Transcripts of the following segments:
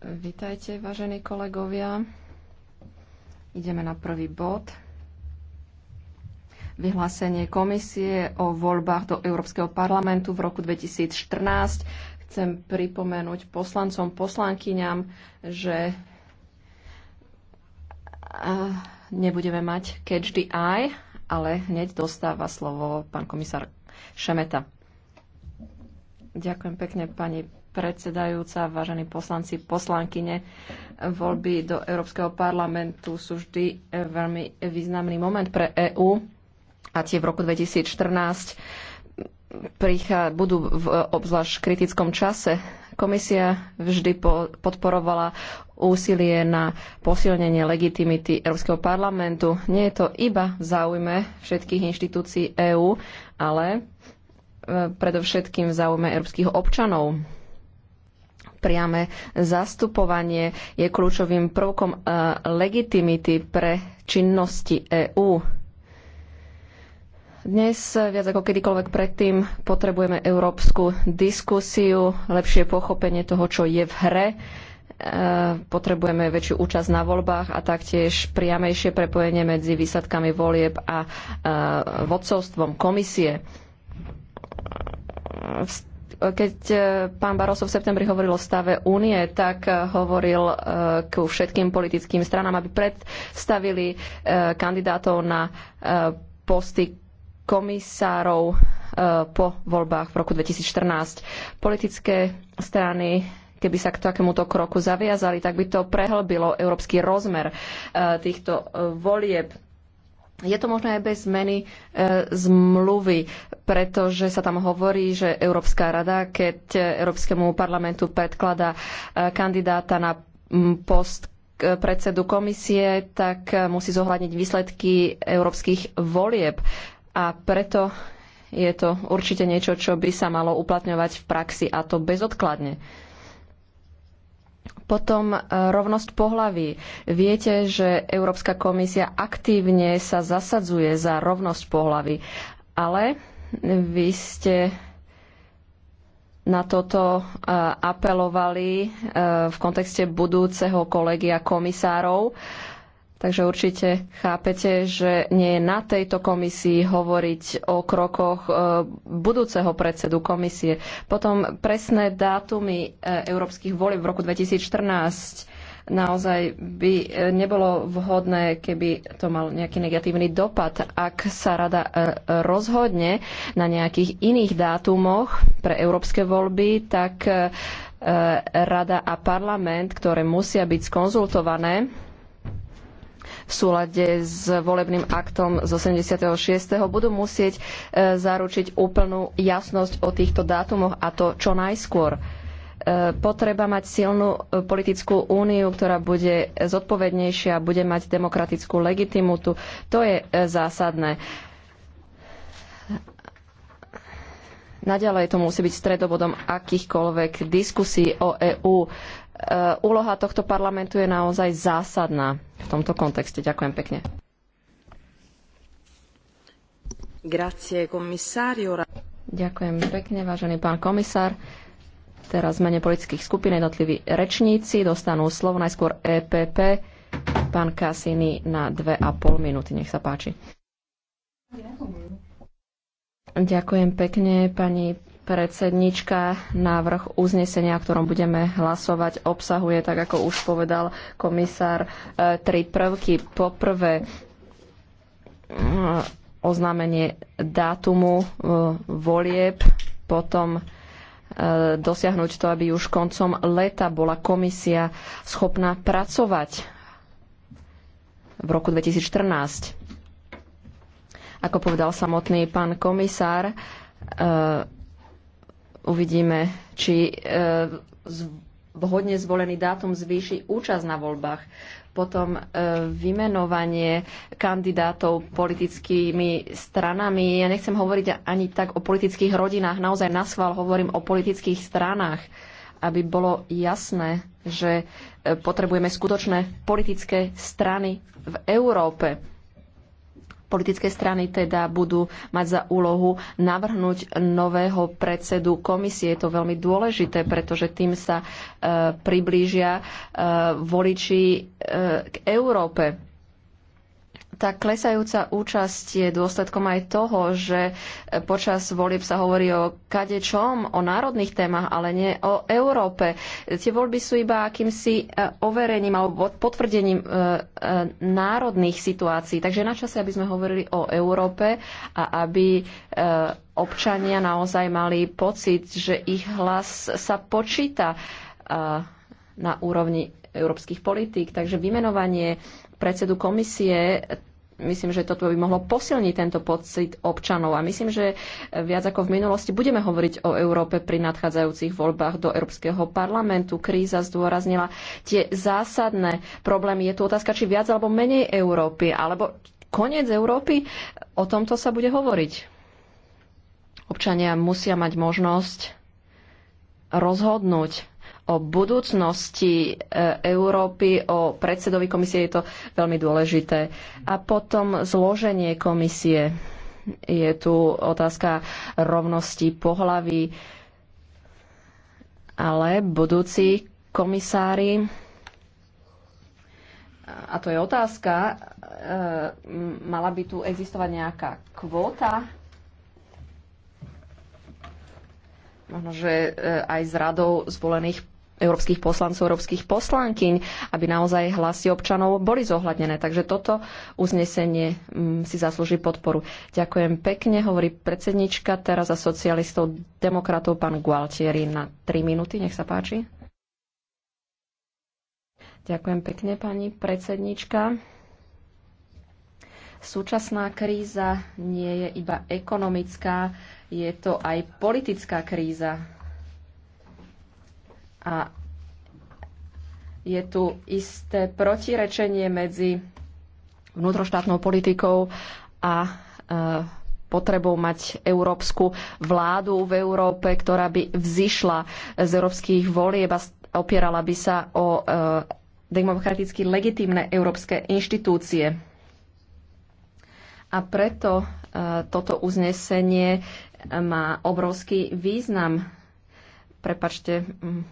Vitajte, vážení kolegovia. Ideme na prvý bod. Vyhlásenie komisie o voľbách do Európskeho parlamentu v roku 2014. Chcem pripomenúť poslancom, poslankyňam, že eh, nebudeme mať catch the eye, ale hneď dostáva slovo pán komisár Šemeta. Ďakujem pekne, pani predsedajúca, vážení poslanci, poslankyne. Voľby do Európskeho parlamentu sú vždy eh, veľmi významný moment pre EÚ a tie v roku 2014 mm, prichá, budú v eh, obzvlášť kritickom čase. Komisia vždy po, podporovala úsilie na posilnenie legitimity Európskeho parlamentu. Nie je to iba v záujme všetkých inštitúcií EÚ, ale eh, predovšetkým v záujme európskych občanov priame zastupovanie je kľúčovým prvkom e, legitimity pre činnosti EÚ. Dnes viac ako kedykoľvek predtým potrebujeme európsku diskusiu, lepšie pochopenie toho, čo je v hre. E, potrebujeme väčšiu účasť na voľbách a taktiež priamejšie prepojenie medzi výsledkami volieb a e, vodcovstvom komisie keď e, pán Barroso v septembri hovoril o stave únie, tak e, hovoril e, ku všetkým politickým stranám, aby predstavili kandidátov na posty komisárov po voľbách v roku 2014. Politické strany keby sa k takémuto kroku zaviazali, tak by to prehlbilo európsky rozmer týchto volieb je to možné aj bez zmeny e, zmluvy, pretože sa tam hovorí, že Európska rada, keď Európskemu parlamentu predkladá e, kandidáta na m, post e, predsedu komisie, tak e, musí zohľadniť výsledky európskych volieb. A preto je to určite niečo, čo by sa malo uplatňovať v praxi a to bezodkladne. Potom e, rovnosť pohlaví. Viete, že Európska komisia aktívne sa zasadzuje za rovnosť pohlaví, ale vy ste na toto e, apelovali e, v kontexte budúceho kolegia komisárov Takže určite chápete, že nie je na tejto komisii hovoriť o krokoch e, budúceho predsedu komisie. Potom presné dátumy e, európskych volieb v roku 2014 naozaj by e, nebolo vhodné, keby to mal nejaký negatívny dopad, ak sa rada rozhodne na nejakých iných dátumoch pre európske voľby, tak rada a parlament, ktoré musia byť skonzultované, v súlade s volebným aktom z 86. budú musieť e, zaručiť úplnú jasnosť o týchto dátumoch a to čo najskôr e, potreba mať silnú e, politickú úniu, ktorá bude zodpovednejšia, bude mať demokratickú legitimitu. To je zásadné. Naďalej to musí byť stredobodom akýchkoľvek diskusí o EÚ. E, úloha tohto parlamentu je naozaj zásadná v tomto kontexte. Ďakujem pekne. Grazie, Ďakujem pekne, vážený pán komisár. Teraz v mene politických skupín jednotliví rečníci dostanú slovo najskôr EPP. Pán Kasiny na dve a pol minúty, nech sa páči. Ďakujem pekne, pani predsednička. Návrh uznesenia, o ktorom budeme hlasovať, obsahuje, tak ako už povedal komisár, e, tri prvky. Poprvé, e, oznámenie dátumu e, volieb, potom dosiahnuť to, aby už koncom leta bola komisia schopná pracovať v roku 2014. Ako povedal samotný pán komisár, e, uvidíme, či e, vhodne zvolený dátum zvýši účasť na voľbách. Potom e, vymenovanie kandidátov politickými stranami. Ja nechcem hovoriť ani tak o politických rodinách. Naozaj na schvál hovorím o politických stranách, aby bolo jasné, že potrebujeme skutočné politické strany v Európe Politické strany teda budú mať za úlohu navrhnúť nového predsedu komisie. Je to veľmi dôležité, pretože tým sa e, priblížia e, voliči e, k Európe tá klesajúca účasť je dôsledkom aj toho, že počas volieb sa hovorí o kadečom, o národných témach, ale nie o Európe. Tie voľby sú iba akýmsi e, overením alebo potvrdením e, e, národných situácií. Takže na čase, aby sme hovorili o Európe a aby občania naozaj mali pocit, že ich hlas sa počíta na úrovni európskych politík. Takže vymenovanie predsedu komisie Myslím, že toto by mohlo posilniť tento pocit občanov a myslím, že viac ako v minulosti budeme hovoriť o Európe pri nadchádzajúcich voľbách do Európskeho parlamentu. Kríza zdôraznila tie zásadné problémy. Je tu otázka, či viac alebo menej Európy, alebo koniec Európy. O tomto sa bude hovoriť. Občania musia mať možnosť rozhodnúť o budúcnosti e, Európy, o predsedovi komisie je to veľmi dôležité. A potom zloženie komisie. Je tu otázka rovnosti pohlaví, ale budúci komisári a to je otázka, e, mala by tu existovať nejaká kvóta možno, že e, aj z radou zvolených európskych poslancov, európskych poslankyň, aby naozaj hlasy občanov boli zohľadnené. Takže toto uznesenie mm, si zaslúži podporu. Ďakujem pekne, hovorí predsednička teraz za socialistov demokratov pán Gualtieri na 3 minúty. Nech sa páči. Ďakujem pekne, pani predsednička. Súčasná kríza nie je iba ekonomická, je to aj politická kríza a je tu isté protirečenie medzi vnútroštátnou politikou a e, potrebou mať európsku vládu v Európe, ktorá by vzýšla z európskych volieb a opierala by sa o e, demokraticky legitímne európske inštitúcie. A preto e, toto uznesenie má obrovský význam Prepačte, mm,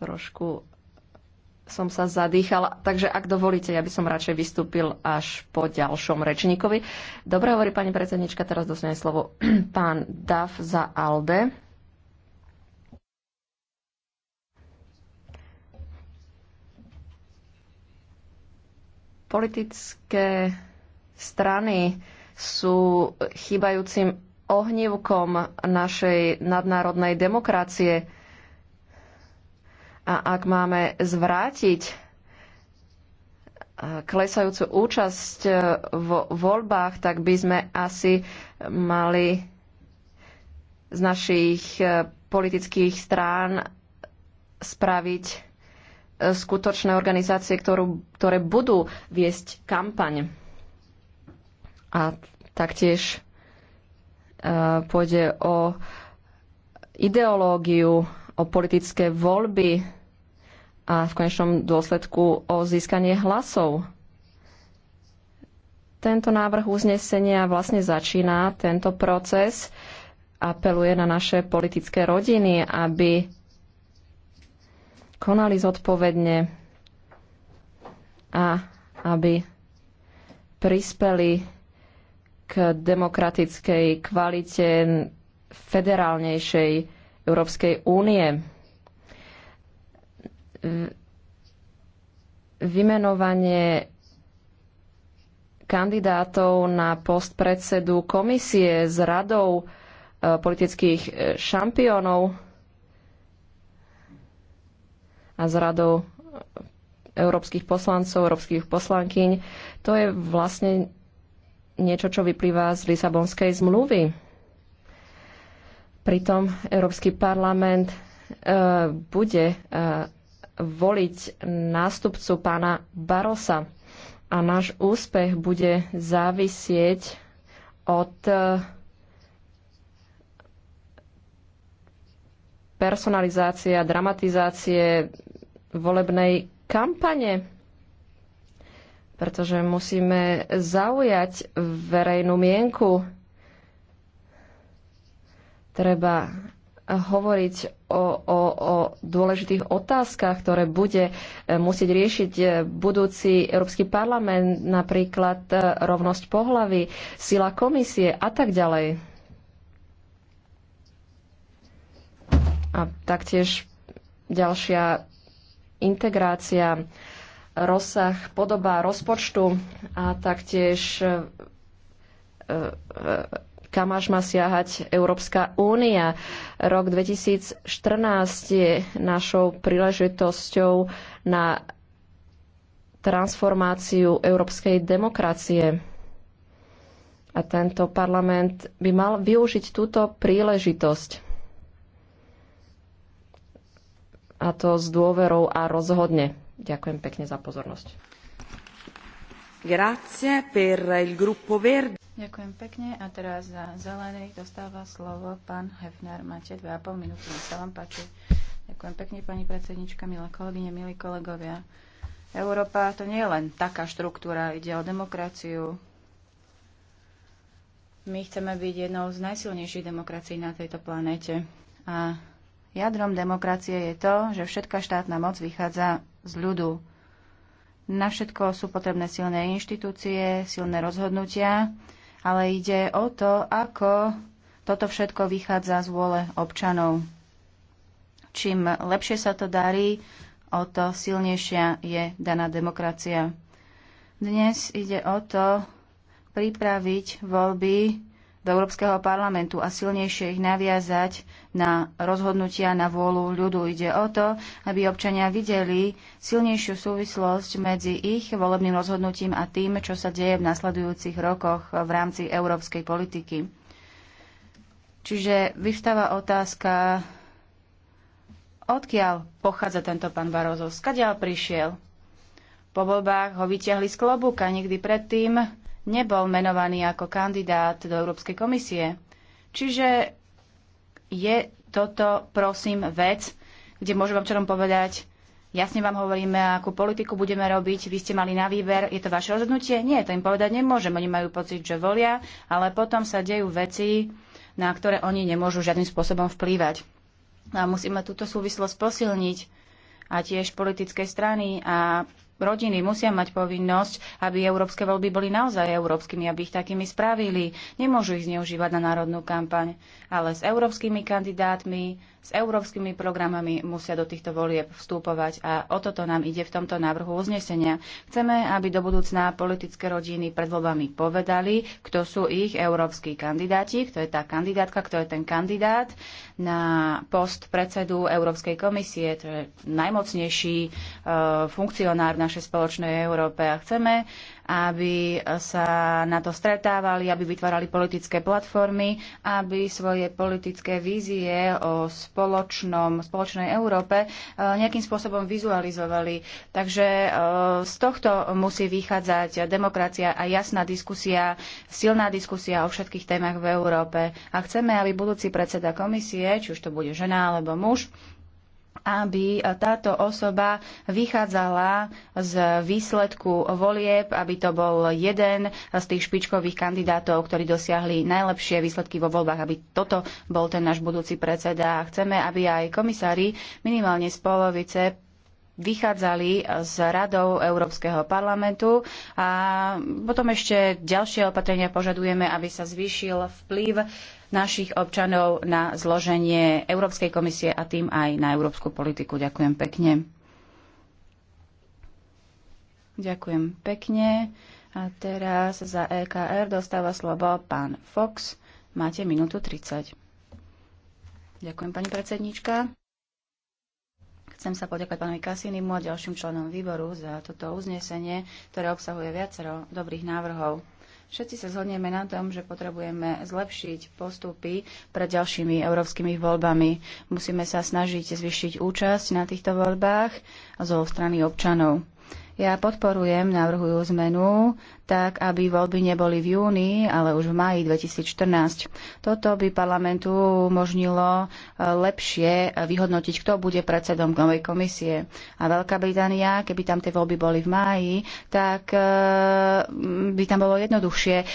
trošku som sa zadýchala, takže ak dovolíte, ja by som radšej vystúpil až po ďalšom rečníkovi. Dobre hovorí pani predsednička, teraz dostane slovo pán Dav za Alde. Politické strany sú chýbajúcim ohnívkom našej nadnárodnej demokracie. A ak máme zvrátiť eh, klesajúcu účasť eh, vo voľbách, tak by sme asi mali z našich eh, politických strán spraviť skutočné organizácie, ktorú, ktoré budú viesť kampaň. A taktiež E, pôjde o ideológiu, o politické voľby a v konečnom dôsledku o získanie hlasov. Tento návrh uznesenia vlastne začína tento proces, apeluje na naše politické rodiny, aby konali zodpovedne a aby prispeli k demokratickej kvalite federálnejšej Európskej únie. Vymenovanie kandidátov na post predsedu komisie s radou e, politických e, šampiónov a s radou e, európskych poslancov, európskych poslankyň. To je vlastne niečo, čo vyplýva z Lisabonskej zmluvy. Pritom Európsky parlament e, bude e, voliť nástupcu pána Barosa a náš úspech bude závisieť od e, personalizácie a dramatizácie volebnej kampane pretože musíme zaujať verejnú mienku. Treba hovoriť o, o, o dôležitých otázkach, ktoré bude e, musieť riešiť e, budúci Európsky parlament, napríklad e, rovnosť pohlavy, sila komisie a tak ďalej. A taktiež ďalšia integrácia rozsah, podoba rozpočtu a taktiež e, e, e, kam až má siahať Európska únia. Rok 2014 je našou príležitosťou na transformáciu európskej demokracie. A tento parlament by mal využiť túto príležitosť. A to s dôverou a rozhodne. Ďakujem pekne za pozornosť. Grazie per il gruppo Verde. Ďakujem pekne a teraz za zelených dostáva slovo pán Hefner. Máte 2,5 minúty, nech sa vám páči. Ďakujem pekne, pani predsednička, milé kolegyne, milí kolegovia. Európa to nie je len taká štruktúra, ide o demokraciu. My chceme byť jednou z najsilnejších demokracií na tejto planete. A Jadrom demokracie je to, že všetká štátna moc vychádza z ľudu. Na všetko sú potrebné silné inštitúcie, silné rozhodnutia, ale ide o to, ako toto všetko vychádza z vôle občanov. Čím lepšie sa to darí, o to silnejšia je daná demokracia. Dnes ide o to pripraviť voľby do Európskeho parlamentu a silnejšie ich naviazať na rozhodnutia na vôľu ľudu. Ide o to, aby občania videli silnejšiu súvislosť medzi ich volebným rozhodnutím a tým, čo sa deje v nasledujúcich rokoch v rámci európskej politiky. Čiže vyvstáva otázka, odkiaľ pochádza tento pán Barozov, skadiaľ prišiel. Po voľbách ho vyťahli z klobúka, nikdy predtým nebol menovaný ako kandidát do Európskej komisie. Čiže je toto, prosím, vec, kde môžem občanom povedať, jasne vám hovoríme, akú politiku budeme robiť, vy ste mali na výber, je to vaše rozhodnutie? Nie, to im povedať nemôžem. Oni majú pocit, že volia, ale potom sa dejú veci, na ktoré oni nemôžu žiadnym spôsobom vplývať. A musíme túto súvislosť posilniť a tiež politické strany a rodiny musia mať povinnosť, aby európske voľby boli naozaj európskymi, aby ich takými spravili. Nemôžu ich zneužívať na národnú kampaň, ale s európskymi kandidátmi s európskymi programami musia do týchto volieb vstúpovať a o toto nám ide v tomto návrhu uznesenia. Chceme, aby do budúcná politické rodiny pred voľbami povedali, kto sú ich európsky kandidáti, kto je tá kandidátka, kto je ten kandidát na post predsedu Európskej komisie, to je najmocnejší e, funkcionár v našej spoločnej Európe a chceme, aby sa na to stretávali, aby vytvárali politické platformy, aby svoje politické vízie o spoločnom, spoločnej Európe e, nejakým spôsobom vizualizovali. Takže e, z tohto musí vychádzať demokracia a jasná diskusia, silná diskusia o všetkých témach v Európe. A chceme, aby budúci predseda komisie, či už to bude žena alebo muž, aby táto osoba vychádzala z výsledku volieb, aby to bol jeden z tých špičkových kandidátov, ktorí dosiahli najlepšie výsledky vo voľbách, aby toto bol ten náš budúci predseda. Chceme, aby aj komisári minimálne z polovice vychádzali eh, z radov Európskeho parlamentu a potom ešte ďalšie opatrenia požadujeme, aby sa zvýšil vplyv našich občanov na zloženie Európskej komisie a tým aj na európsku politiku. Ďakujem pekne. Ďakujem pekne. A teraz za EKR dostáva slovo pán Fox. Máte minútu 30. Ďakujem, pani predsednička. Chcem sa poďakovať pánovi Kasinimu a ďalším členom výboru za toto uznesenie, ktoré obsahuje viacero dobrých návrhov. Všetci sa zhodneme na tom, že potrebujeme zlepšiť postupy pred ďalšími európskymi voľbami. Musíme sa snažiť zvyšiť účasť na týchto voľbách zo strany občanov. Ja podporujem návrhujú zmenu tak aby voľby neboli v júni, ale už v maji 2014. Toto by parlamentu umožnilo e, lepšie vyhodnotiť, kto bude predsedom novej komisie. A Veľká Británia, keby tam tie voľby boli v máji, tak e, by tam bolo jednoduchšie e,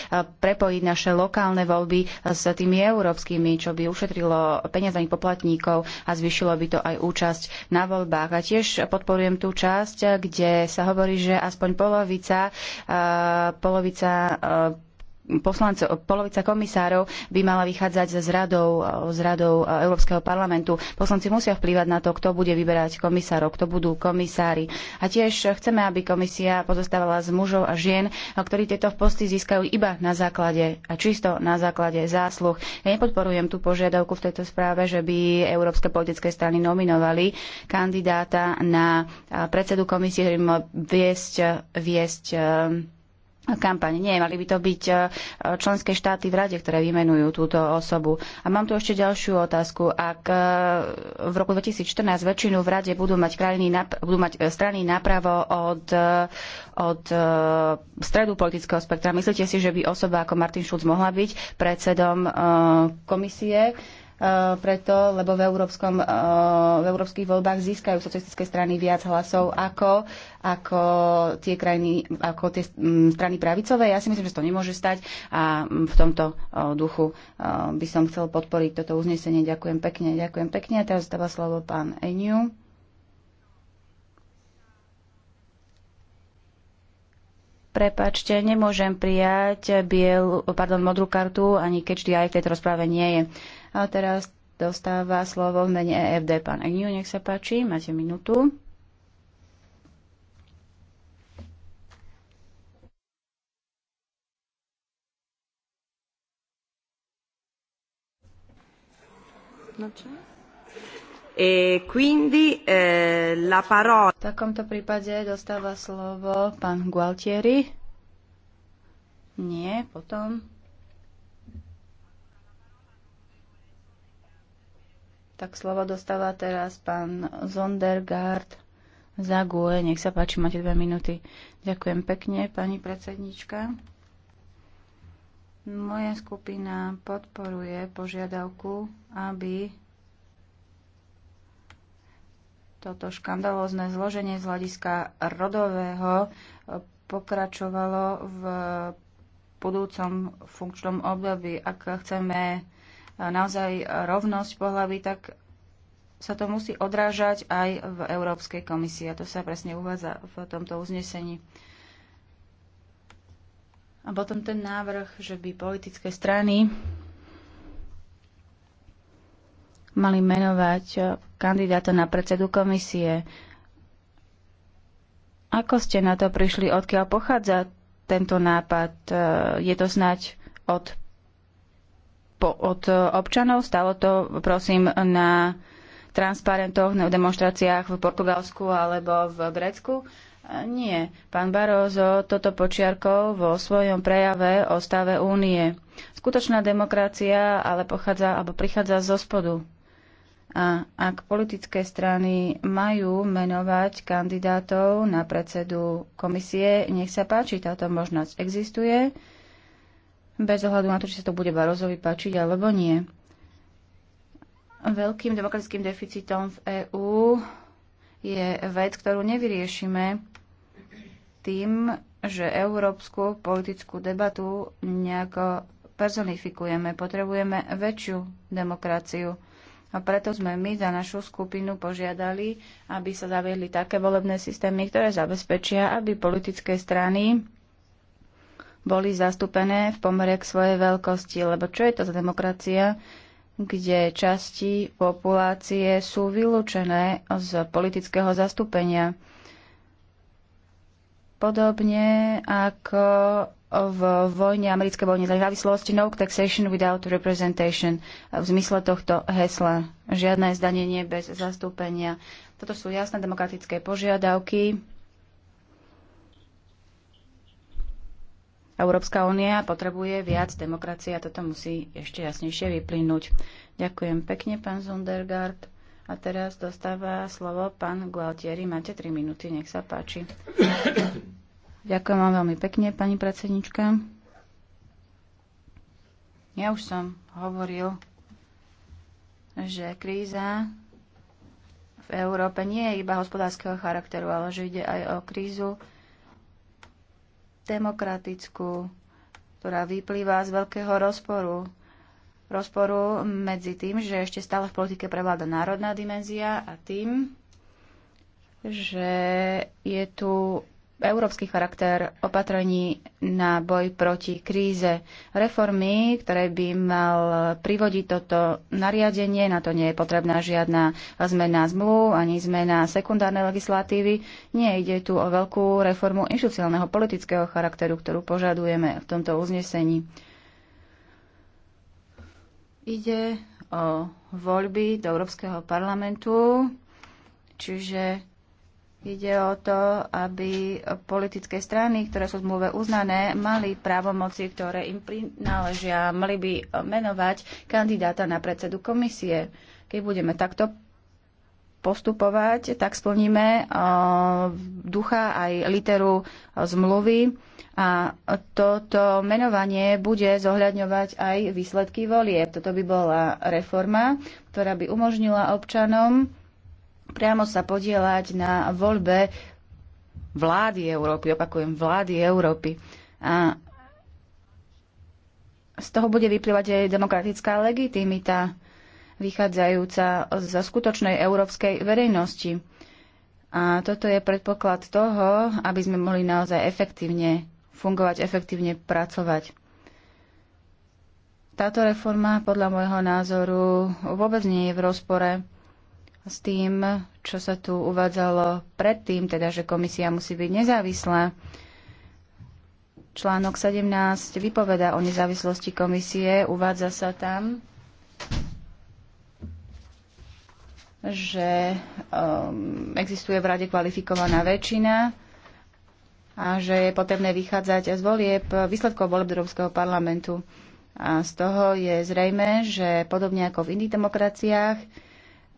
prepojiť naše lokálne voľby s tými európskymi, čo by ušetrilo peniazných poplatníkov a zvyšilo by to aj účasť na voľbách. A tiež podporujem tú časť, kde sa hovorí, že aspoň polovica uh, polovica e, poslancov, polovica komisárov by mala vychádzať z radou, z radou e, Európskeho parlamentu. Poslanci musia vplývať na to, kto bude vyberať komisárov, kto budú komisári. A tiež chceme, aby komisia pozostávala z mužov a žien, ktorí tieto posty získajú iba na základe a čisto na základe zásluh. Ja nepodporujem tú požiadavku v tejto správe, že by európske politické strany nominovali kandidáta na predsedu komisie, ktorý mal viesť, viesť e, kampaň. Nie, mali by to byť e, členské štáty v rade, ktoré vymenujú túto osobu. A mám tu ešte ďalšiu otázku. Ak e, v roku 2014 väčšinu v rade budú mať, krajiny, budú mať e, strany napravo od, od stredu politického spektra, myslíte si, že by osoba ako Martin Schulz mohla byť predsedom komisie? Eh, preto, lebo v, európskom, eh, v európskych voľbách získajú socialistické strany viac hlasov ako, ako tie, krajiny, ako tie mm, strany pravicové. Ja si myslím, že to nemôže stať a mm, v tomto eh, duchu by som chcel podporiť toto uznesenie. Ďakujem pekne, ďakujem pekne. A teraz dáva slovo pán Eniu. Prepačte, nemôžem prijať biel, pardon, modrú kartu, ani keď vždy aj v tejto rozprave nie je. A teraz dostáva slovo v mene EFD pán Agniu, nech sa páči, máte minútu. No čo? E quindi eh, la parola... V takomto prípade dostáva slovo pan Gualtieri. Nie, potom. Tak slovo dostáva teraz pán Zondergaard za GUE. Nech sa páči, máte dve minúty. Ďakujem pekne, pani predsednička. Moja skupina podporuje požiadavku, aby toto škandalózne zloženie z hľadiska rodového eh, pokračovalo v budúcom funkčnom období. Ak chceme eh, naozaj rovnosť pohľavy, tak sa to musí odrážať aj v Európskej komisii. A to sa presne uvádza v tomto uznesení. A potom ten návrh, že by politické strany mali menovať eh, kandidáta na predsedu komisie. Ako ste na to prišli? Odkiaľ pochádza tento nápad? Eh, je to snať od, po, od občanov? Stalo to, prosím, na transparentoch, na demonstráciách v Portugalsku alebo v Grécku? Eh, nie, pán Barozo toto počiarkol vo svojom prejave o stave únie. Skutočná demokracia ale pochádza alebo prichádza zo spodu. A ak politické strany majú menovať kandidátov na predsedu komisie, nech sa páči, táto možnosť existuje, bez ohľadu na to, či sa to bude Barozovi páčiť alebo nie. Veľkým demokratickým deficitom v EÚ je vec, ktorú nevyriešime tým, že európsku politickú debatu nejako personifikujeme. Potrebujeme väčšiu demokraciu a preto sme my za našu skupinu požiadali, aby sa zaviedli také volebné systémy, ktoré zabezpečia, aby politické strany boli zastúpené v pomere k svojej veľkosti. Lebo čo je to za demokracia, kde časti populácie sú vylúčené z politického zastúpenia? Podobne ako v vojne, americké vojne za nezávislosť, no taxation without representation, v zmysle tohto hesla. Žiadne zdanenie bez zastúpenia. Toto sú jasné demokratické požiadavky. Európska únia potrebuje viac demokracie a toto musí ešte jasnejšie vyplynúť. Ďakujem pekne, pán Zundergaard. A teraz dostáva slovo pán Gualtieri. Máte 3 minúty, nech sa páči. Ďakujem vám veľmi pekne, pani predsednička. Ja už som hovoril, že kríza v Európe nie je iba hospodárskeho charakteru, ale že ide aj o krízu demokratickú, ktorá vyplýva z veľkého rozporu. Rozporu medzi tým, že ešte stále v politike prevláda národná dimenzia a tým, že je tu európsky charakter opatrení na boj proti kríze. Reformy, ktoré by mal privodiť toto nariadenie, na to nie je potrebná žiadna zmena zmluv ani zmena sekundárnej legislatívy. Nie ide tu o veľkú reformu inštitucionálneho politického charakteru, ktorú požadujeme v tomto uznesení. Ide o voľby do Európskeho parlamentu, čiže Ide o to, aby politické strany, ktoré sú zmluve uznané, mali právomoci, ktoré im prináležia, mali by menovať kandidáta na predsedu komisie. Keď budeme takto postupovať, tak splníme ducha aj literu zmluvy a toto menovanie bude zohľadňovať aj výsledky volieb. Toto by bola reforma, ktorá by umožnila občanom priamo sa podielať na voľbe vlády Európy, opakujem, vlády Európy. A z toho bude vyplývať aj demokratická legitimita, vychádzajúca zo skutočnej európskej verejnosti. A toto je predpoklad toho, aby sme mohli naozaj efektívne fungovať, efektívne pracovať. Táto reforma podľa môjho názoru vôbec nie je v rozpore s tým, čo sa tu uvádzalo predtým, teda že komisia musí byť nezávislá. Článok 17 vypoveda o nezávislosti komisie, uvádza sa tam, že um, existuje v rade kvalifikovaná väčšina a že je potrebné vychádzať z volieb, výsledkov volieb Európskeho parlamentu. A z toho je zrejme, že podobne ako v iných demokraciách,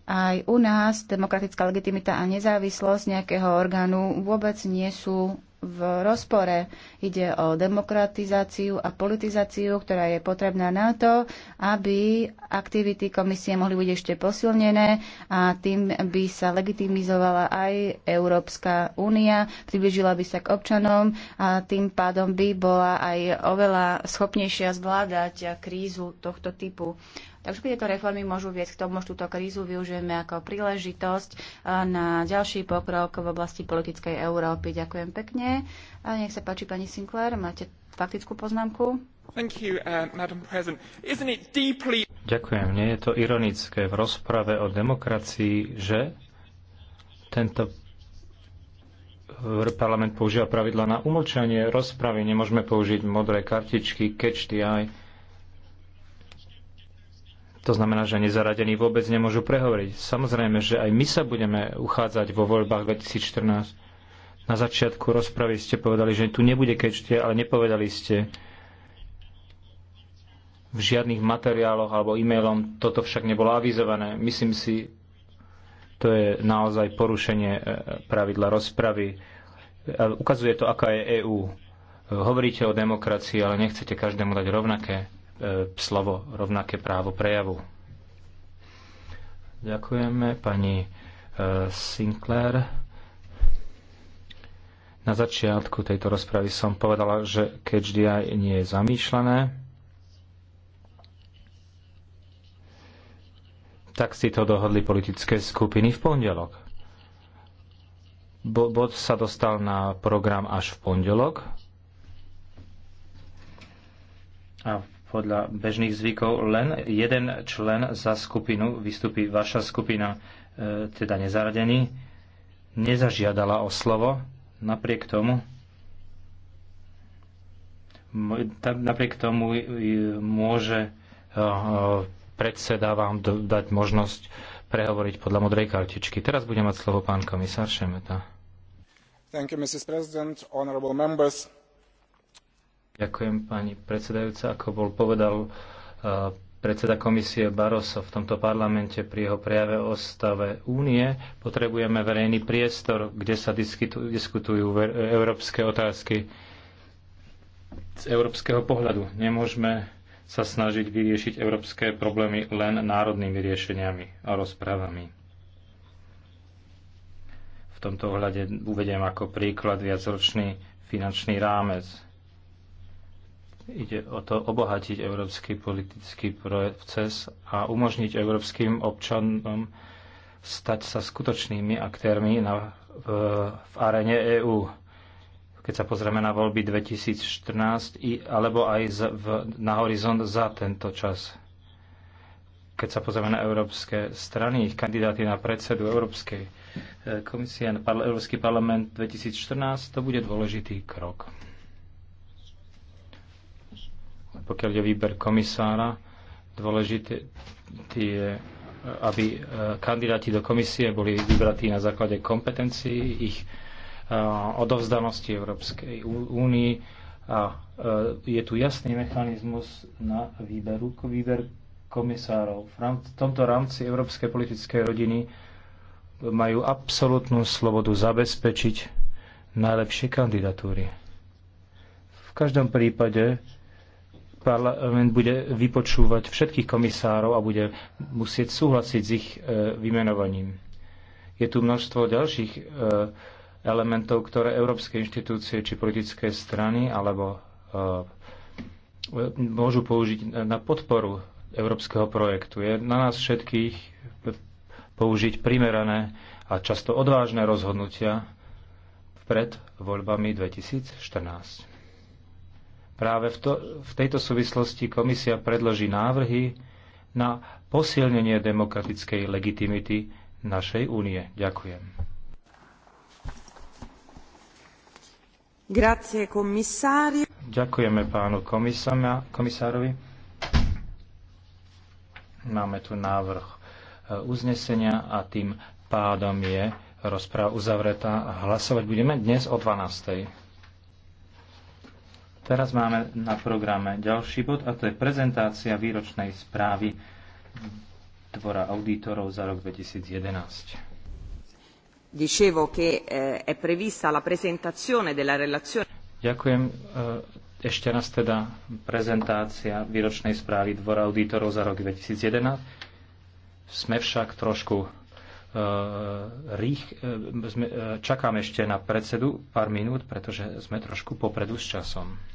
aj u nás demokratická legitimita a nezávislosť nejakého orgánu vôbec nie sú v rozpore. Ide o demokratizáciu a politizáciu, ktorá je potrebná na to, aby aktivity komisie mohli byť ešte posilnené a tým by sa legitimizovala aj Európska únia, približila by sa k občanom a tým pádom by bola aj oveľa schopnejšia zvládať krízu tohto typu. Takže tieto reformy môžu viesť k tomu, že túto krízu využijeme ako príležitosť eh, na ďalší pokrok v oblasti politickej Európy. Ďakujem pekne. A nech sa páči, pani Sinclair, máte faktickú poznámku? You, uh, deeply... Ďakujem. Nie je to ironické v rozprave o demokracii, že tento parlament používa pravidla na umlčanie rozpravy. Nemôžeme použiť modré kartičky, catch the eye to znamená, že nezaradení vôbec nemôžu prehovoriť. Samozrejme, že aj my sa budeme uchádzať vo voľbách 2014. Na začiatku rozpravy ste povedali, že tu nebude kečtie, ale nepovedali ste v žiadnych materiáloch alebo e-mailom. Toto však nebolo avizované. Myslím si, to je naozaj porušenie e, pravidla rozpravy. E, ukazuje to, aká je EÚ. Hovoríte o demokracii, ale nechcete každému dať rovnaké E, slovo, rovnaké právo prejavu. Ďakujeme pani e, Sinclair. Na začiatku tejto rozpravy som povedala, že KHDI nie je zamýšľané. Tak si to dohodli politické skupiny v pondelok. Bod sa dostal na program až v pondelok. A v podľa bežných zvykov len jeden člen za skupinu vystupí. Vaša skupina, e, teda nezaradený, nezažiadala o slovo. Napriek tomu, napriek tomu e, môže e, predseda vám dať možnosť prehovoriť podľa modrej kartičky. Teraz bude mať slovo pán komisár Šemeta. Thank you, Mrs. President, honorable members. Ďakujem, pani predsedajúca. Ako bol povedal eh, predseda komisie Barroso v tomto parlamente pri jeho prejave o stave únie. Potrebujeme verejný priestor, kde sa diskutujú európske otázky z európskeho pohľadu. Nemôžeme sa snažiť vyriešiť európske problémy len národnými riešeniami a rozprávami. V tomto ohľade uvediem ako príklad viacročný finančný rámec Ide o to obohatiť európsky politický proces a umožniť európskym občanom stať sa skutočnými aktérmi na, v, v arene EÚ. Keď sa pozrieme na voľby 2014 i, alebo aj z, v, na horizont za tento čas. Keď sa pozrieme na európske strany, ich kandidáty na predsedu Európskej eh, komisie na Európsky parlament 2014, to bude dôležitý krok pokiaľ je výber komisára, dôležité je, aby e, kandidáti do komisie boli vybratí na základe kompetencií, ich e, odovzdanosti Európskej únii a e, je tu jasný mechanizmus na výberu, výber komisárov. V tomto rámci Európskej politickej rodiny majú absolútnu slobodu zabezpečiť najlepšie kandidatúry. V každom prípade parlament bude vypočúvať všetkých komisárov a bude musieť súhlasiť s ich e, vymenovaním. Je tu množstvo ďalších e, elementov, ktoré európske inštitúcie či politické strany alebo e, môžu použiť na podporu európskeho projektu. Je na nás všetkých použiť primerané a často odvážne rozhodnutia pred voľbami 2014. Práve v, to, v tejto súvislosti komisia predloží návrhy na posilnenie demokratickej legitimity našej únie. Ďakujem. Grazie, Ďakujeme pánu komisárovi. Máme tu návrh eh, uznesenia a tým pádom je rozpráva uzavretá. Hlasovať budeme dnes o 12. Teraz máme na programe ďalší bod a to je prezentácia výročnej správy Dvora auditorov za rok 2011. Dicevo che eh, è prevista la presentazione della relazione. Ďakujem. Eh, ešte raz teda prezentácia výročnej správy Dvora auditorov za rok 2011. Sme však trošku eh, rých, čakám ešte na predsedu pár minút, pretože sme trošku popredu s časom.